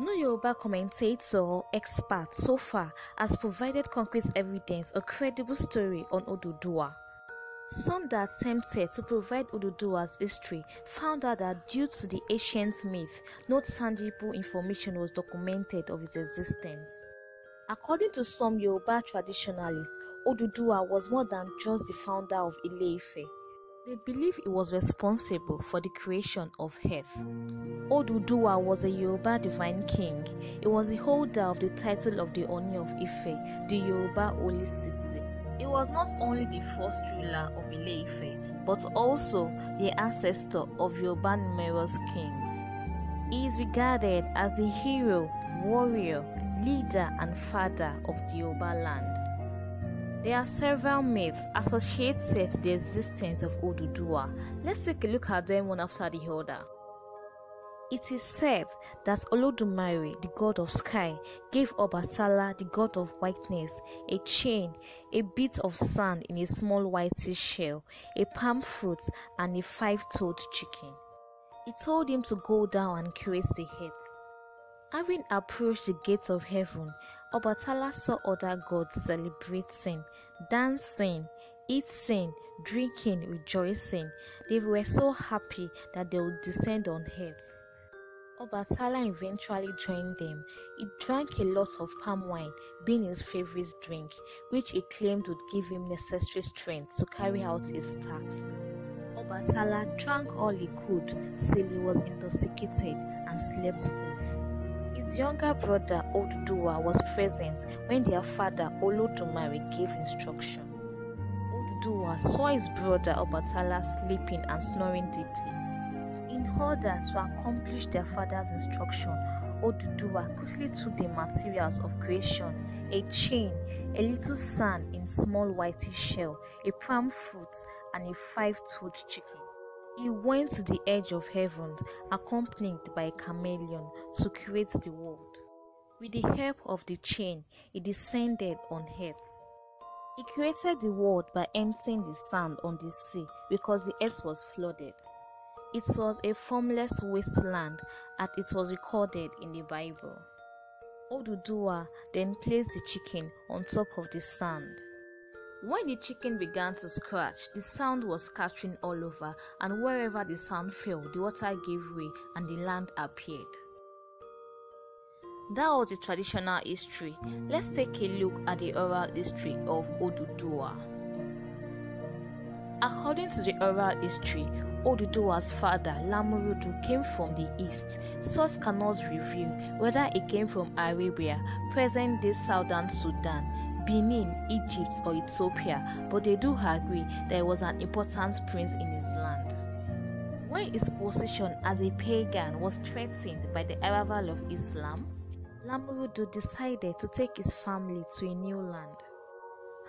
No Yoruba commentator expert so far has provided concrete evidence or credible story on Odudua. Some that attempted to provide Odudua's history found out that due to the ancient myth, no tangible information was documented of his existence. According to some Yoruba traditionalists, Odudua was more than just the founder of ile they believe he was responsible for the creation of Earth. Oduduwa was a Yoruba divine king. He was the holder of the title of the Oni of Ife, the Yoruba Holy City. He was not only the first ruler of Ile-Ife, but also the ancestor of Yoruba numerous kings. He is regarded as the hero, warrior, leader, and father of the Yoruba land. There are several myths associated to the existence of Oduduwa. Let's take a look at them one after the other. It is said that Olodumare, the god of sky, gave Obatala, the god of whiteness, a chain, a bit of sand in a small whitish shell, a palm fruit, and a five-toed chicken. He told him to go down and create the head. Having approached the gates of heaven, Obatala saw other gods celebrating, dancing, eating, drinking, rejoicing. They were so happy that they would descend on earth. Obatala eventually joined them. He drank a lot of palm wine, being his favorite drink, which he claimed would give him necessary strength to carry out his task. Obatala drank all he could till he was intoxicated and slept his younger brother Oduduwa was present when their father Olodumare gave instruction. Oduduwa saw his brother Obatala sleeping and snoring deeply. In order to accomplish their father's instruction, Oduduwa quickly took the materials of creation, a chain, a little sand in small whitish shell, a palm fruit, and a five-toed chicken. He went to the edge of heaven, accompanied by a chameleon, to create the world. With the help of the chain, he descended on earth. He created the world by emptying the sand on the sea because the earth was flooded. It was a formless wasteland as it was recorded in the Bible. Oduduwa then placed the chicken on top of the sand. When the chicken began to scratch, the sound was scattering all over, and wherever the sound fell, the water gave way and the land appeared. That was the traditional history. Let's take a look at the oral history of Oduduwa. According to the oral history, Oduduwa's father, Lamurudu, came from the east. Source cannot reveal whether he came from Arabia, present day southern Sudan, Benin, Egypt, or Ethiopia, but they do agree there was an important prince in his land. When his position as a pagan was threatened by the arrival of Islam, Lamrudu decided to take his family to a new land.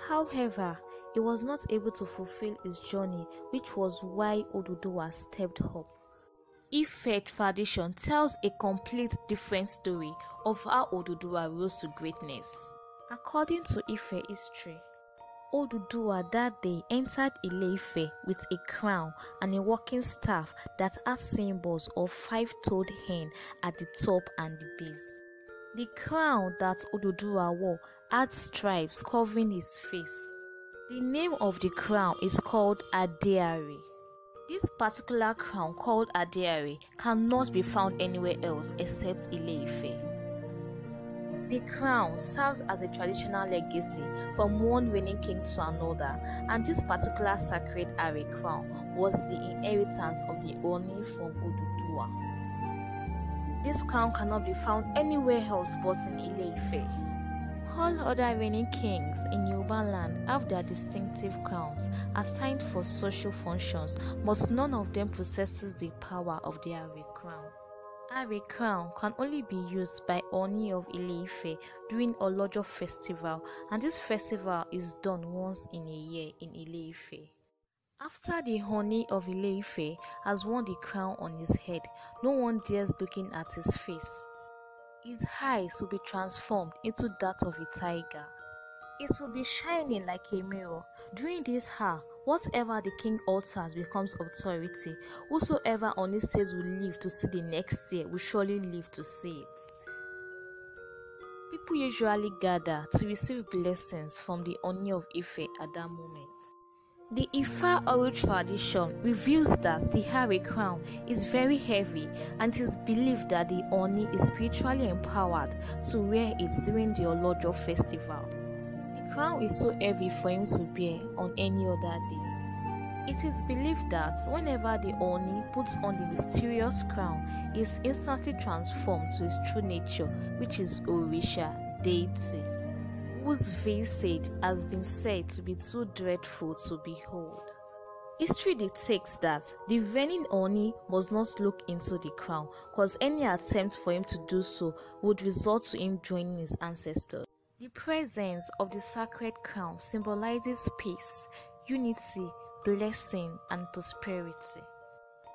However, he was not able to fulfill his journey, which was why Oduduwa stepped up. Ife tradition tells a complete different story of how Oduduwa rose to greatness. According to Ife history, Oduduwa that day entered Ileife ife with a crown and a walking staff that has symbols of five-toed hen at the top and the base. The crown that Oduduwa wore had stripes covering his face. The name of the crown is called Adeari. This particular crown called Adeari cannot be found anywhere else except Ileife. ife the crown serves as a traditional legacy from one reigning king to another, and this particular sacred array crown was the inheritance of the Oni from Oduduwa. This crown cannot be found anywhere else but in Ile-Ife. All other reigning kings in Yoruba land have their distinctive crowns assigned for social functions, but none of them possesses the power of the crown. Our crown can only be used by Oni of Ileife during a larger festival and this festival is done once in a year in Ileife. After the honey of Ileife has worn the crown on his head, no one dares looking at his face. His eyes will be transformed into that of a tiger. It will be shining like a mirror. During this hour, Whatever the king alters becomes authority. Whosoever on it says will live to see the next year will surely live to see it. People usually gather to receive blessings from the Oni of Ife at that moment. The Ifa oral tradition reveals that the Hari crown is very heavy and it is believed that the Oni is spiritually empowered to wear it during the Olojo festival crown is so heavy for him to bear on any other day. It is believed that whenever the Oni puts on the mysterious crown, he is instantly transformed to his true nature, which is Orisha, deity, whose visage has been said to be too dreadful to behold. History dictates that the reigning Oni must not look into the crown, cause any attempt for him to do so would result to him joining his ancestors. The presence of the sacred crown symbolizes peace, unity, blessing, and prosperity.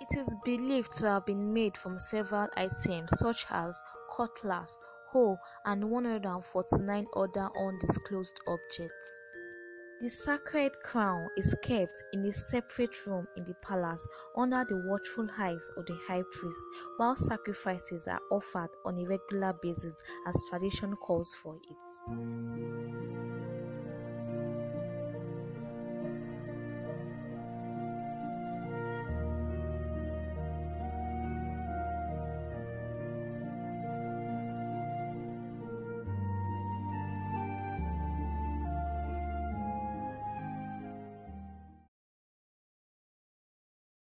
It is believed to have been made from several items such as cutlass, hoe, and 149 other undisclosed objects. The sacred crown is kept in a separate room in the palace under the watchful eyes of the high priest, while sacrifices are offered on a regular basis as tradition calls for it.